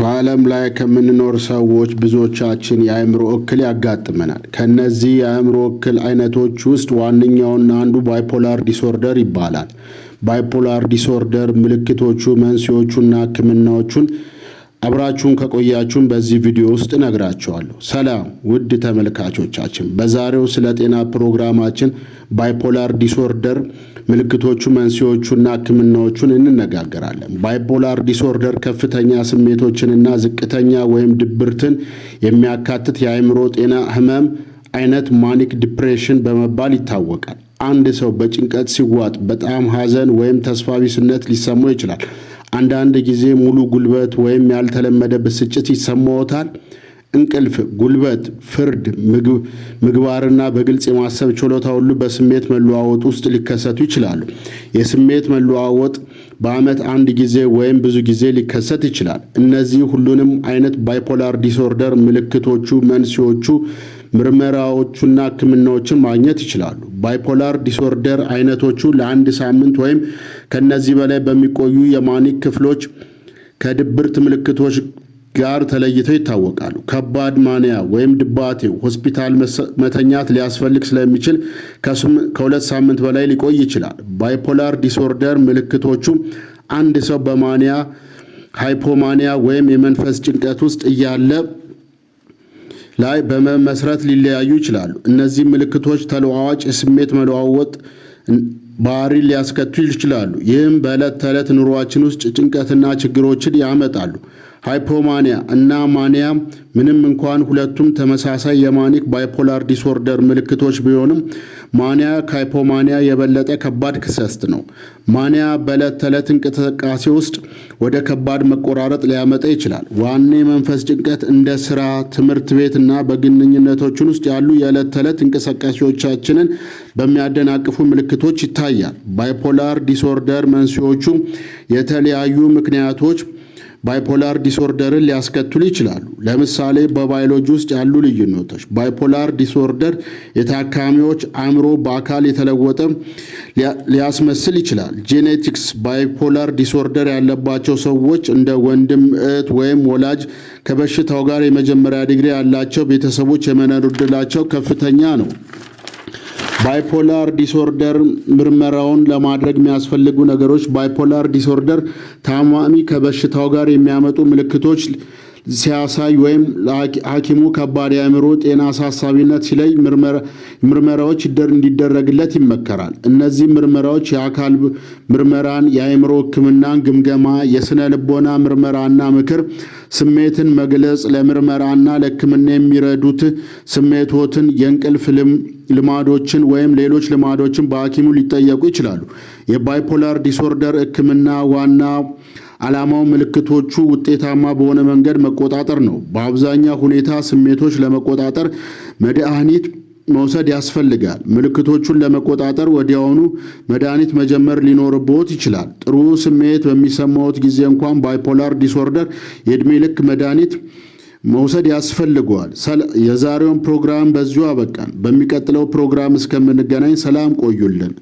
በዓለም ላይ ከምንኖር ሰዎች ብዙዎቻችን የአእምሮ እክል ያጋጥመናል። ከእነዚህ የአእምሮ እክል አይነቶች ውስጥ ዋነኛውና አንዱ ባይፖላር ዲስኦርደር ይባላል። ባይፖላር ዲስኦርደር ምልክቶቹ፣ መንስኤዎቹና ሕክምናዎቹን አብራችሁን ከቆያችሁን በዚህ ቪዲዮ ውስጥ እነግራችኋለሁ። ሰላም ውድ ተመልካቾቻችን፣ በዛሬው ስለ ጤና ፕሮግራማችን ባይፖላር ዲስኦርደር ምልክቶቹ፣ መንስኤዎቹና ሕክምናዎቹን እንነጋገራለን። ባይፖላር ዲስኦርደር ከፍተኛ ስሜቶችንና ዝቅተኛ ወይም ድብርትን የሚያካትት የአእምሮ ጤና ህመም አይነት ማኒክ ዲፕሬሽን በመባል ይታወቃል። አንድ ሰው በጭንቀት ሲዋጥ በጣም ሐዘን ወይም ተስፋ ቢስነት ሊሰማው ይችላል። አንዳንድ ጊዜ ሙሉ ጉልበት ወይም ያልተለመደ ብስጭት ይሰማዎታል። እንቅልፍ፣ ጉልበት፣ ፍርድ፣ ምግባርና በግልጽ የማሰብ ችሎታ ሁሉ በስሜት መለዋወጥ ውስጥ ሊከሰቱ ይችላሉ። የስሜት መለዋወጥ በዓመት አንድ ጊዜ ወይም ብዙ ጊዜ ሊከሰት ይችላል። እነዚህ ሁሉንም አይነት ባይፖላር ዲስኦርደር ምልክቶቹ፣ መንስኤዎቹ፣ ምርመራዎቹና ሕክምናዎችን ማግኘት ይችላሉ። ባይፖላር ዲስኦርደር አይነቶቹ ለአንድ ሳምንት ወይም ከነዚህ በላይ በሚቆዩ የማኒክ ክፍሎች ከድብርት ምልክቶች ጋር ተለይተው ይታወቃሉ። ከባድ ማንያ ወይም ድባቴ ሆስፒታል መተኛት ሊያስፈልግ ስለሚችል ከሁለት ሳምንት በላይ ሊቆይ ይችላል። ባይፖላር ዲስኦርደር ምልክቶቹ አንድ ሰው በማንያ ሃይፖማንያ ወይም የመንፈስ ጭንቀት ውስጥ እያለ ላይ በመመስረት ሊለያዩ ይችላሉ። እነዚህ ምልክቶች ተለዋዋጭ የስሜት መለዋወጥ ባህሪ ሊያስከትሉ ይችላሉ። ይህም በዕለት ተዕለት ኑሯችን ውስጥ ጭንቀትና ችግሮችን ያመጣሉ። ሃይፖማኒያ እና ማኒያ ምንም እንኳን ሁለቱም ተመሳሳይ የማኒክ ባይፖላር ዲስኦርደር ምልክቶች ቢሆንም ማኒያ ከሃይፖማኒያ የበለጠ ከባድ ክሰስት ነው። ማኒያ በዕለት ተዕለት እንቅስቃሴ ውስጥ ወደ ከባድ መቆራረጥ ሊያመጣ ይችላል። ዋና የመንፈስ ጭንቀት እንደ ስራ፣ ትምህርት ቤት እና በግንኙነቶችን ውስጥ ያሉ የዕለት ተዕለት እንቅስቃሴዎቻችንን በሚያደናቅፉ ምልክቶች ይታያል። ባይፖላር ዲስኦርደር መንስኤዎቹ የተለያዩ ምክንያቶች ባይፖላር ዲስኦርደርን ሊያስከትሉ ይችላሉ። ለምሳሌ በባዮሎጂ ውስጥ ያሉ ልዩነቶች ባይፖላር ዲስኦርደር የታካሚዎች አእምሮ በአካል የተለወጠ ሊያስመስል ይችላል። ጄኔቲክስ ባይፖላር ዲስኦርደር ያለባቸው ሰዎች እንደ ወንድም፣ እህት ወይም ወላጅ ከበሽታው ጋር የመጀመሪያ ዲግሪ ያላቸው ቤተሰቦች የመኖር ዕድላቸው ከፍተኛ ነው። ባይፖላር ዲስኦርደር ምርመራውን ለማድረግ የሚያስፈልጉ ነገሮች ባይፖላር ዲስኦርደር ታማሚ ከበሽታው ጋር የሚያመጡ ምልክቶች ሲያሳይ ወይም ሐኪሙ ከባድ የአእምሮ ጤና አሳሳቢነት ሲለይ ምርመራዎች እንዲደረግለት ይመከራል። እነዚህ ምርመራዎች የአካል ምርመራን፣ የአእምሮ ሕክምናን ግምገማ፣ የስነ ልቦና ምርመራና ምክር፣ ስሜትን መግለጽ፣ ለምርመራና ለሕክምና የሚረዱት ስሜቶትን፣ የእንቅልፍ ልማዶችን ወይም ሌሎች ልማዶችን በሐኪሙ ሊጠየቁ ይችላሉ። የባይፖላር ዲስኦርደር ሕክምና ዋና ዓላማው ምልክቶቹ ውጤታማ በሆነ መንገድ መቆጣጠር ነው። በአብዛኛው ሁኔታ ስሜቶች ለመቆጣጠር መድኃኒት መውሰድ ያስፈልጋል። ምልክቶቹን ለመቆጣጠር ወዲያውኑ መድኃኒት መጀመር ሊኖርብዎት ይችላል። ጥሩ ስሜት በሚሰማዎት ጊዜ እንኳን ባይፖላር ዲስኦርደር የዕድሜ ልክ መድኃኒት መውሰድ ያስፈልገዋል። የዛሬውን ፕሮግራም በዚሁ አበቃን። በሚቀጥለው ፕሮግራም እስከምንገናኝ ሰላም ቆዩልን።